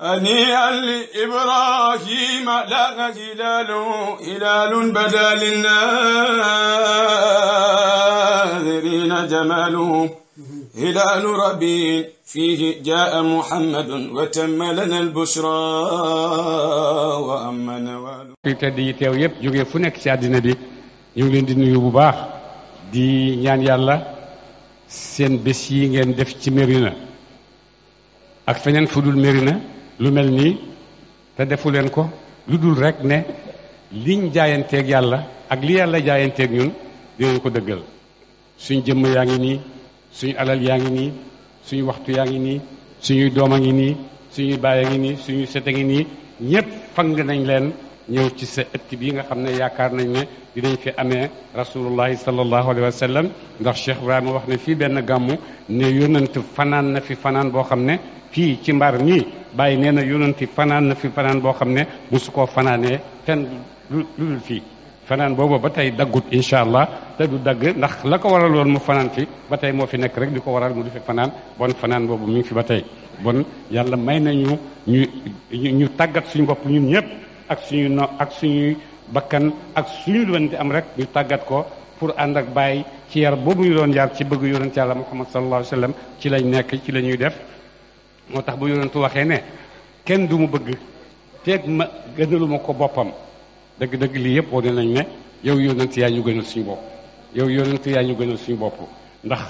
هنيئا لإبراهيم لك هلال هلال بدا للناذرين جماله هلال ربي فيه جاء محمد وتم لنا البشرى وأما نوال tedd yi teew yépp jóge fu nekk ci àddina bi ñu leen di nuyu bu baax di ñaan yàlla seen bés yi ngeen def ci Mérina ak feneen fu dul Mérina lu mel nii te defu leen ko lu dul rekk ne liñ jaayanteeg yàlla ak li yàlla jaayanteeg ñun dinañ ko dëggal suñ jëmm yaa ngi nii suñu alal yaa ngi nii suñu waxtu yaa ngi nii suñuy doom a ngi nii suñuy baay a ngi nii suñuy set ngi nii ñépp fang nañ leen ñëw ci sa ëtt bi nga xam ne yaakaar nañ ne dinañ fi amee rasulullahi sallallahu alayhi wa sallam ndax Cheikh Ibrahima wax ne fii benn gàmmu ne yónnant fanaan na fi fanaan boo xam ne fii ci mbar mii bàyyi nee na yonanti fanaan na fi fanaan boo xam ne su koo fanaanee ten lu dul fii fanaan boobu ba tey daggut incha allah te du dagg ndax la ko waral woon mu fanaan fi ba tey moo fi nekk rek di ko waral mu di fi fanaan bon fanaan boobu mu ngi fi ba tey bon yàlla may nañu ñu ñu tàggat suñu bopp ñun ñëpp ak suñu no ak suñuy bakkan ak suñu lu di am rek ñu tàggat ko pour ànd ak bàyyi ci yar boobu ñu doon yar ci bëgg yonent yàlla muhammad sallallahu alayhi wa sallam ci lañ nekk ci la ñuy def moo tax bu yonentu waxee ne kenn du mu bëgg feeg ma gënalu ko boppam dëgg-dëgg lii yëpp wane nañ ne yow yonent yaa ñu gënal suñu bopp yow yonent yaa ñu gënal suñu bopp ndax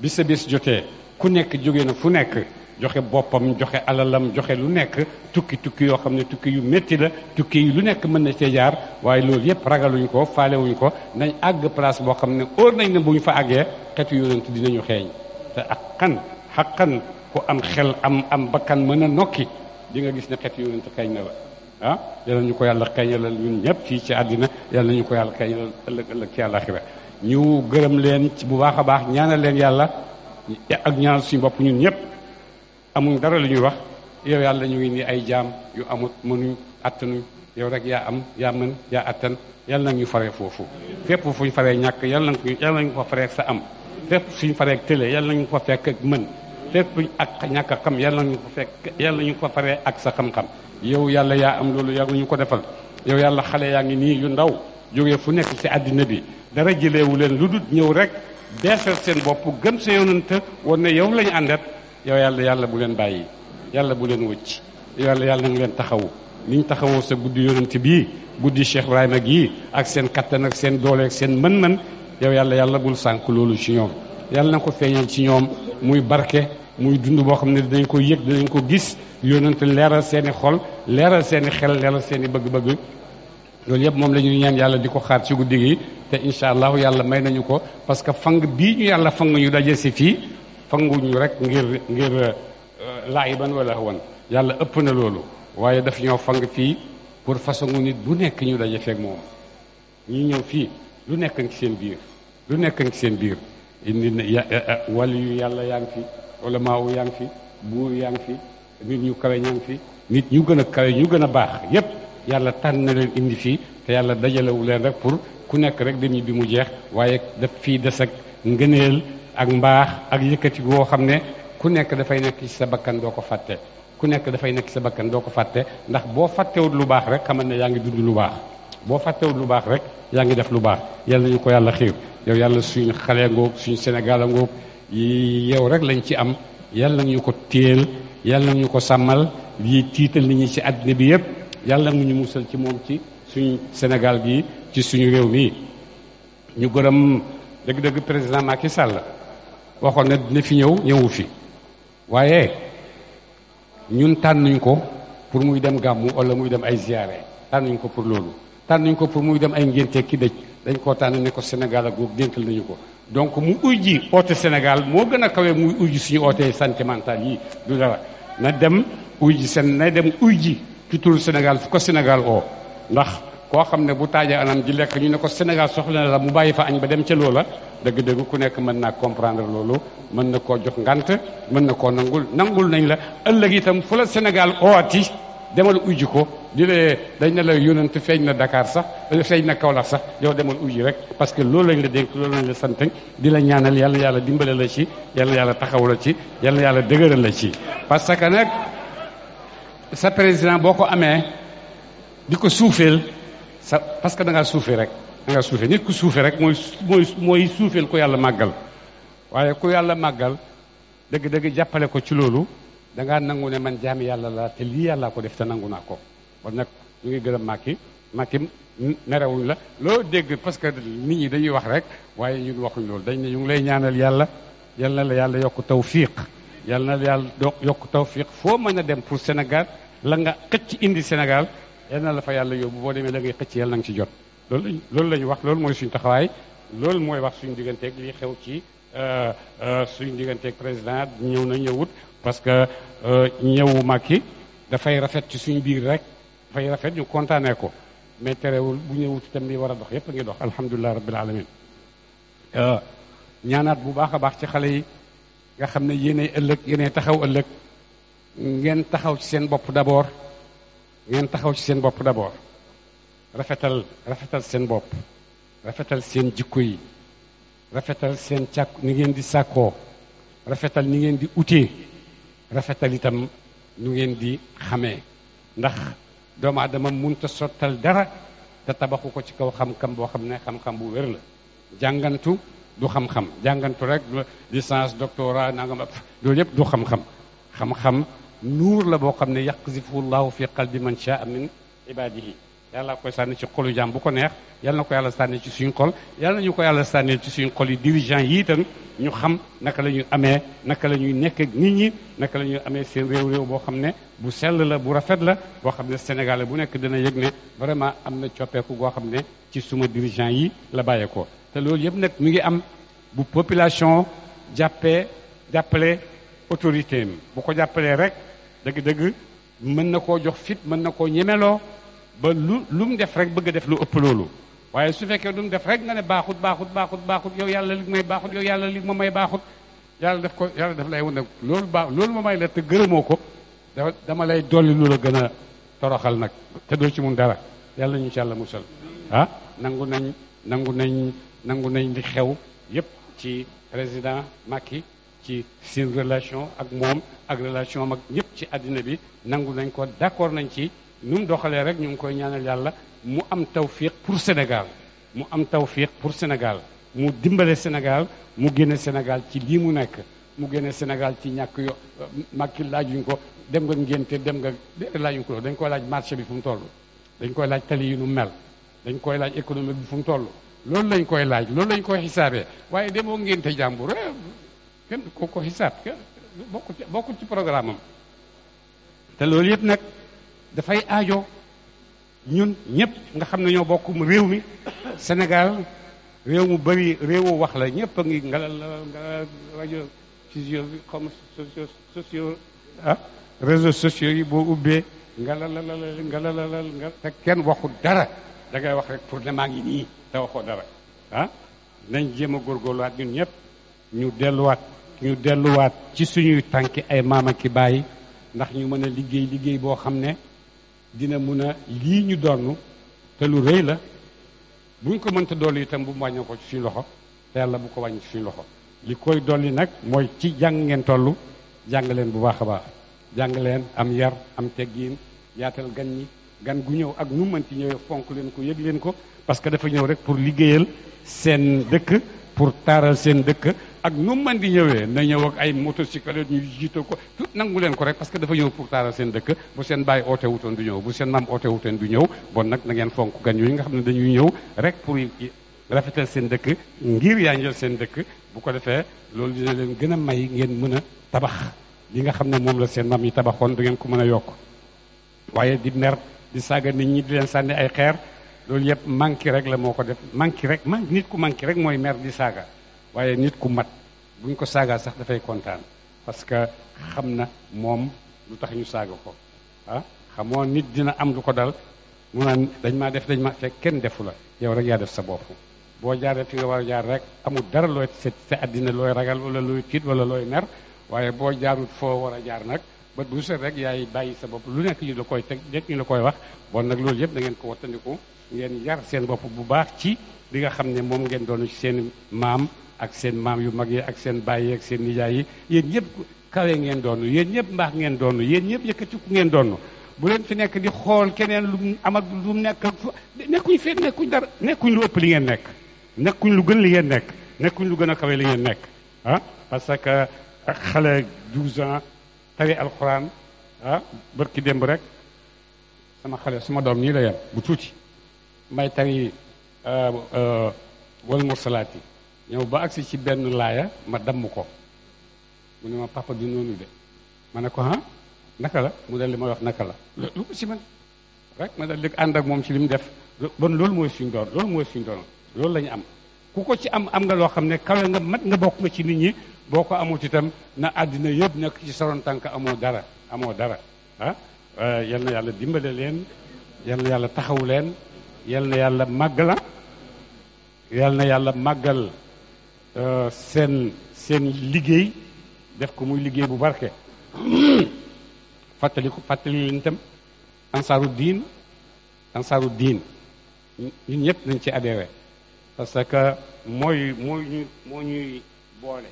bi sa bis jotee ku nekk jóge na fu nekk joxe boppam joxe alalam joxe lu nekk tukki tukki yoo xam ne tukki yu métti la tukki yi lu nekk mën na cee jaar waaye loolu yëpp ragaluñ ko faalewuñ ko nañ àgg place boo xam ne óor nañ ne bu ñu fa àggee xetu yonent dinañu xeeñ te ak ku am xel am am bakkan mën a nokki di nga gis ne xeet yonent kañ na la ah yal na ñu ko yàlla kañalal ñun ñëpp fii ci àddina yal na ko yàlla kañalal ëllëg ëllëg ci àllaaxira ñu gërëm leen ci bu baax a baax ñaanal leen yàlla ak ñaanal suñu bopp ñun ñëpp amuñ dara lu ñuy wax yow yàlla ñu ngi nii ay jaam yu amut mënuñ attanuñ yow rek yaa am yaa mën yaa attan yal na ñu faree foofu fépp fu ñu faree ñàkk yal na ñu yal ko faree ak sa am fépp suñu faree ak tële yal na ñu ko fekk ak mën fépp ak ñàkk a xam yàlla ñu ko fekk yàlla ñu ko faree ak sa xam-xam yow yàlla yaa am loolu yaa ñu ko defal yow yàlla xale yaa ngi nii yu ndaw jógee fu nekk ci àddina bi dara jëleewu leen lu dul ñëw rek beesal seen bopp gën sa yonante woon ne yow lañu àndat yow yàlla yàlla bu leen bàyyi yàlla bu leen wëcc yàlla yàlla nga leen taxawu niñ taxawoo sa guddi yonante bii guddi Cheikh Ibrahima gii ak seen kattan ak seen dooleek seen mën-mën yow yàlla yàlla bul sànk loolu ci ñoom muy barke muy dund boo xam ne dañ ko yëg dañ ko gis yónnante leeral seeni xol leeral seeni xel leeral seeni bëgg-bëgg loolu yëpp moom lañuy ñeen ñaan yàlla di ko xaar ci guddi gi te incha allahu yàlla may nañu ko parce que fang bii ñu yàlla fang ñu daje si fii fanguñu rek ngir ngir euh, laayiban wala wan yàlla ëpp na loolu waaye daf ñoo fang fii pour façon nit bu nekk ñu daje feeg moom ñi ñëw fii lu nekk ci seen biir lu nekk ci seen biir indi na wali yu yàlla yaa ngi fi olamaa wu yaa ngi fi buur yaa ngi fi nit ñu kawe ñaa ngi nit ñu gën a kawe ñu gën a baax yépp yàlla tànn na leen indi fii te yàlla dajalewu leen rek pour ku nekk rek dañuy bi mu jeex waaye daf fii des ak ngëneel ak mbaax ak yëkkati woo xam ne ku nekk dafay nekk ci sa bakkan doo ko fàtte ku nekk dafay nekk ci sa bakkan doo ko fàtte ndax boo fàttewut lu baax rek xamal ne yaa ngi dund lu baax boo fàttewul lu baax rek yaa ngi def lu baax yàlla ñu ko yàlla xiir yow yàlla suñu xale ngoog suñu Sénégal ngoog yow rek lañ ci am yàlla ñu ko téel yàlla ñu ko sàmmal yi tiital nit ñi ci àddina bi yëpp yàlla ñu musal ci moom ci suñ Sénégal gi ci suñu réew mi ñu gërëm dëgg-dëgg président Macky Sall waxoon na dina fi ñëw ñëwu fi waaye ñun tànnuñ ko pour muy dem gàmmu wala muy dem ay ziyaare tànnuñ ko pour loolu tànn ko pour muy dem ay ngénte ki dëj dañ koo tànn ne ko Sénégal ak góob dénkal nañu ko donc mu ji oote Sénégal moo gën a kawe muy ujji suñu oote sentimental yi du dara na dem ji seen na dem ujji ci turu Sénégal fu ko Sénégal oo ndax koo xam ne bu taajee anam ji lekk ñu ne ko Sénégal soxla na la mu bàyyi fa añ ba dem ca la dëgg-dëgg ku nekk mën naa comprendre loolu mën na koo jox ngant mën na koo nangul nangul nañ la ëllëg itam fu la demal ujji ko di lee dañ ne la yónent feeñ na dakaar sax feeñ na Kaolack sax yow demal ujji rek parce que loolu lañ la dénk loolu lañ la sant di la ñaanal yàlla yàlla dimbale la ci yàlla yàlla taxaw la ci yàlla yàlla dëgëral la ci parce que nag sa président boo ko amee di ko suufeel sa parce que da ngaa rek da ngaa suufe nit ku rek mooy mooy mooy suufeel ku yàlla màggal waaye ku yàlla màggal dëgg-dëgg jàppale ko ci loolu da ngaa nangu ne man jaami yàlla la te lii yàllaa ko def te nangu naa ko kon nag ñu ngi gërëm Macky Macky merewuñ la loo dégg parce que nit ñi dañuy wax rek waaye ñun waxuñ loolu dañ ne ñu ngi lay ñaanal yàlla yal la yàlla yokk tawfiq yal na la yàlla yokk tawfiq foo mën a dem pour Sénégal la nga xëcc indi Sénégal yal na la fa yàlla yóbbu boo demee la ngay xëcc yàlla na nga ci jot loolu loolu la ñu wax loolu mooy suñu taxawaay loolu mooy wax suñu digganteeg lii xew ci Euh, euh, suñ digganteeg président ñëw na ñëwut parce que euh, ñëwu Macky dafay rafet ci suñ biir rek dafay rafet ñu kontaanee ko mais terewul bu ñëwut itam li war a dox yépp a ngi dox alhamdulilah rabbil alamin ñaanaat bu baax a baax ci xale yi nga xam ne yéenay ëllëg yéenay taxaw ëllëg ngeen taxaw ci seen bopp d'abord ngeen taxaw ci seen bopp d'abord rafetal rafetal seen bopp rafetal seen jikko yi rafetal seen càkk ni ngeen di sàkkoo rafetal ni ngeen di utee rafetal itam ñu ngeen di xamee ndax doomu aadama munta sottal dara te tabaxu ko ci kaw xam-xam boo xam ne xam-xam bu wér la jàngantu du xam-xam jàngantu rek licence doctorat nangam loolu yëpp du xam-xam xam-xam nuur la boo xam ne yaqzifullaahu fi qalbi man ca min ibaadihi yàlla koy sànni ci xolu jaam bu ko neex yàlla na ko yàlla sànni ci suñu kol yàlla ñu ko yàlla sànni ci suñu xol yi dirigeant yi itam ñu xam naka la ñuy amee naka la ñuy nekk nit ñi naka la ñuy amee seen réew réew boo xam ne bu sell la bu rafet la boo xam ne sénégalais bu nekk dina yëg ne vraiment am na coppeeku goo xam ne ci suma dirigeant yi la bàyyeekoo te loolu yëpp nag mu ngi am bu population jàppee jàppale autorité mi bu ko jàppalee rek dëgg-dëgg mën na koo jox fit mën na koo ñemeloo ba lu lu mu def rek bëgg a def lu ëpp loolu waaye su fekkee lu mu def rek nga ne baaxut baaxut baaxut baaxut yow yàlla li may baaxut yow yàlla li ma may baaxut yàlla def ko yàlla def lay won ne loolu baax loolu ma may la te gërëmoo ko da dama lay dolli lu la gën a toroxal nag te doo ci mun dara yàlla ñu ci yàlla musal ah nangu nañ nangu nañ nangu nañ li xew yépp ci président Macky ci seen relation ak moom ak relation am ak ñëpp ci àddina bi nangu nañ ko d'accord nañ ci nu doxalee rek ñu ngi koy ñaanal yàlla mu am tawfiq pour Sénégal mu am tawfiq pour Sénégal mu dimbale Sénégal mu génne Sénégal ci lii mu nekk mu génne Sénégal ci ñàkk yo laaj yuñ ko dem nga ngénte dem nga laajuñ ko dañ koy laaj marché bi fu mu toll dañ koy laaj tali yi nu mel dañ koy laaj économie bi fu mu toll loolu lañ koy laaj loolu lañ koy xisaabee waaye demoo ngénte jàmbur eh, kenn ko ko xisaab kenn bokkul ci bokkul ci programme am te loolu dafay aajo ñun ñëpp nga xam ne ñoo bokk réew mi Sénégal réew mu bari réewu wax la ñëpp a ngi ngalal ngalal rajo physio comme socio ah réseaux yi boo ubbee ngalalalal ngalalalal nga te kenn waxu dara da ngay wax rek pour ne maa ngi nii te waxoo dara ah nañ jéem a góorgóorluwaat ñun ñëpp ñu delluwaat ñu delluwaat ci suñuy tànki ay maam ak i ndax ñu mën a liggéey liggéey boo xam ne dina mun a lii ñu donn te lu rëy la buñ ko mënta dolli itam bu mu wàññoo ko ci suñu loxo te yàlla bu ko wàññi ci suñu loxo li koy dolli nag mooy ci jàng ngeen tollu jàng leen bu baax a baax jàng leen am yar am teggiin yaatal gan ñi gan gu ñëw ak nu mënti ñëwee fonk leen ko yëg leen ko parce que dafa ñëw rek pour liggéeyal seen dëkk pour taaral seen dëkk ak nu man di ñëwee na ñëw ak ay motocyclette ñu jiitoo ko tout nangu leen ko rek parce que dafa ñëw pour taaral seen dëkk bu seen bàyyi oote wutoon du ñëw bu seen maam oote wutoon du ñëw bon nag na ngeen fonk gan yooyu nga xam ne dañuy ñëw rek pour rafetal seen dëkk ngir yaa njël seen dëkk bu ko defee loolu dina leen gën a may ngeen mën a tabax li nga xam ne moom la seen maam yi tabaxoon du ngeen ko mën a yokk waaye di mer di saaga nit ñi di leen sànni ay xeer loolu yëpp manqué rek la moo ko def manqué rek man nit ku manqué rek mooy mer di saaga waaye nit ku mat buñ ko saagaa sax dafay kontaan parce que xam na moom lu tax ñu saaga ko ah xamoo nit dina am lu ko dal mu naan dañ maa def dañ ma fekk kenn defu la yow rek yaa def sa bopp boo jaaree fi nga war a jaar rek amul dara looy set sa àddina looy ragal wala looy tiit wala looy mer waaye boo jaarut foo war a jaar nag ba du set rek yaay bàyyi sa bopp lu nekk ñu la koy teg nekk la koy wax bon nag loolu yëpp da ngeen ko wattandiku ngeen yar seen bopp bu baax ci li nga xam ne moom ngeen doon ci seen maam ak seen maam yu mag yi ak seen baay yi ak seen nijaay yi yéen ñëpp kawe ngeen doon yéen ñëpp mbaax ngeen doonu yéen ñëpp yëkkatiku ngeen doonu bu leen fi nekk di xool keneen lu amal lu mu nekk nekkuñ fee lu ëpp li ngeen nekk nekkuñ lu gën li ngeen nekk nekkuñ lu gën a kawe li ngeen nekk ah parce que xale 12 ans tari alxuraan ah bërki démb rek sama xale suma doom nii la yem bu tuuti may tari euh, euh, wal mursalaat ñëw ba agsi ci benn laaya ma damm ko mu ne ma papa du noonu de ma ne ko ah naka la mu dal li may wax naka la lu ko si man rek ma dal di ànd ak moom ci li mu def bon loolu mooy suñ doon loolu mooy suñ doon loolu la am ku ko ci am am nga loo xam ne kawe nga mat nga bokk nga ci nit ñi boo ko amut itam na àddina yëpp nekk ci saroon tànk amoo dara amoo dara ah yal na yàlla dimbale leen yal na yàlla taxaw leen yal na yàlla la yal na yàlla màggal Euh, seen seen liggéey def ko muy liggéey bu barke fàttali ko fàttali leen itam ansaaru diin ansaaru diin ñun ñëpp nañ ci adhéré parce que mooy moo ñuy boole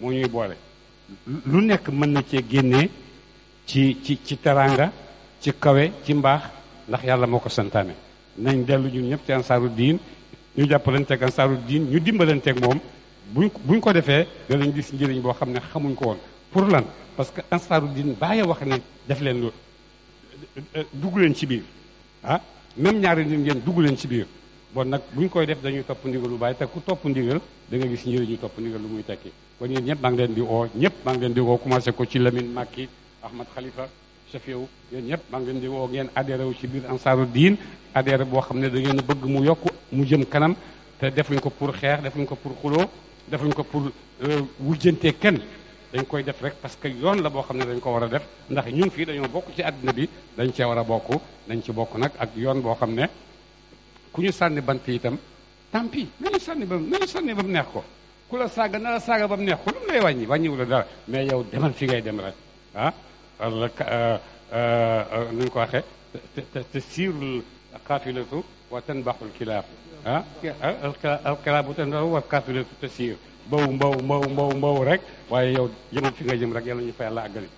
moo ñuy boole lu nekk mën na cee génnee ci ci ci teraanga ci kawe ci mbaax ndax yàlla moo ko santaane nañ dellu ñun ñëpp ci ansaaru diin ñu teg ansaaru diin ñu dimbalanteeg moom buñ buñ ko defee danañ gis njëriñ boo xam ne xamuñ ko woon pour lan parce que ansaaru din bàyyi wax ne def leen lu dugg leen ci biir ah même ñaari nit ngeen dugg leen ci biir bon nag buñ koy def dañuy topp ndigal lu bàyyi te ku topp ndigal da nga gis njëriñu topp ndigal lu muy tekki kon ñun ñëpp maa ngi leen di oo ñëpp maa ngi leen di oo commencé ko ci Lamine Makki Ahmad Khalifa Chafiew yéen ñëpp maa ngi leen di oo ngeen adhéré wu ci biir ansaaru diin adhéré boo xam ne da ngeen bëgg mu yokk mu jëm kanam defuñ ko pour xeex defuñ ko pour xuloo defuñ ko pour euh, wujjantee kenn dañ koy def rek parce que yoon la boo xam ne dañ ko war a def ndax ñun fii dañoo bokk ci àddina bi dañ cee war a bokk dañ ci bokk nag ak yoon boo xam ne ku ñu sànni bant itam tant pis sànni ba na ba mu neex ko ku la saaga na la saaga ba mu neex ko lu mu lay wàññi wàññiwu la dara mais yow demal fi ngay dem rek ah euh, euh, nu ko waxee te te te القافلة وتنبح الكلاب ah alkalaabu te ndaw wa kaatulatu te siir mbaw mbaw mbaw mbaw rek waaye yow jëmul fi nga jëm rek yàlla ñu fa yàlla àggali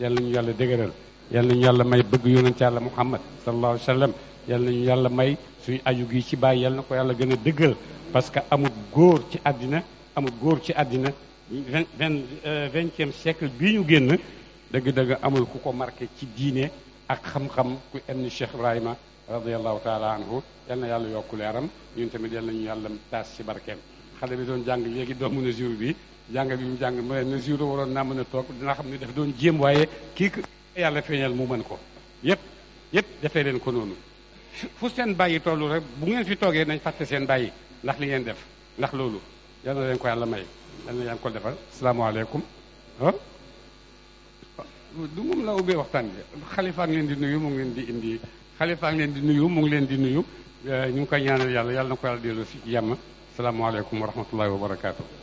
yàlla ñu yàlla dëgëral yàlla ñu yàlla may bëgg yonent yàlla muhammad sallallahu alayhi wa sallam yàlla ñu yàlla may suñu aju gi ci bàyyi yàlla na ko yàlla gën a dëggal parce que amul góor ci àddina amul góor ci àddina vingt vingt euh, bi ñu génn dëgg-dëgg amul ku ko marke ci diine ak xam-xam ku enn Cheikh Ibrahima radiallahu taala anhu yal na yàlla yokku leeram ñun tamit yal nañu yàlla taas ci barkeem xale bi doon jàng léegi doomu na jour bi jàng bi mu jàng mu ne na jour waroon naa mën a toog dina xam ni daf doon jéem waaye kii yàlla feeñal mu mën ko yépp yépp defee leen ko noonu fu seen bàyyi tollu rek bu ngeen fi toogee nañ fàtte seen bàyyi ndax li ngeen def ndax loolu yal na leen ko yàlla may yal na leen ko defal salaamaaleykum ah du moom la ubbee waxtaan bi xalifa xalifaa ngi leen di nuyu mu ngi leen di nuyu eh, ñu ngi koy ñaanal yàlla yàlla na ko yàlla delloo si jàmm salaamaaleykum wa rahmatullahi wa barakaatu.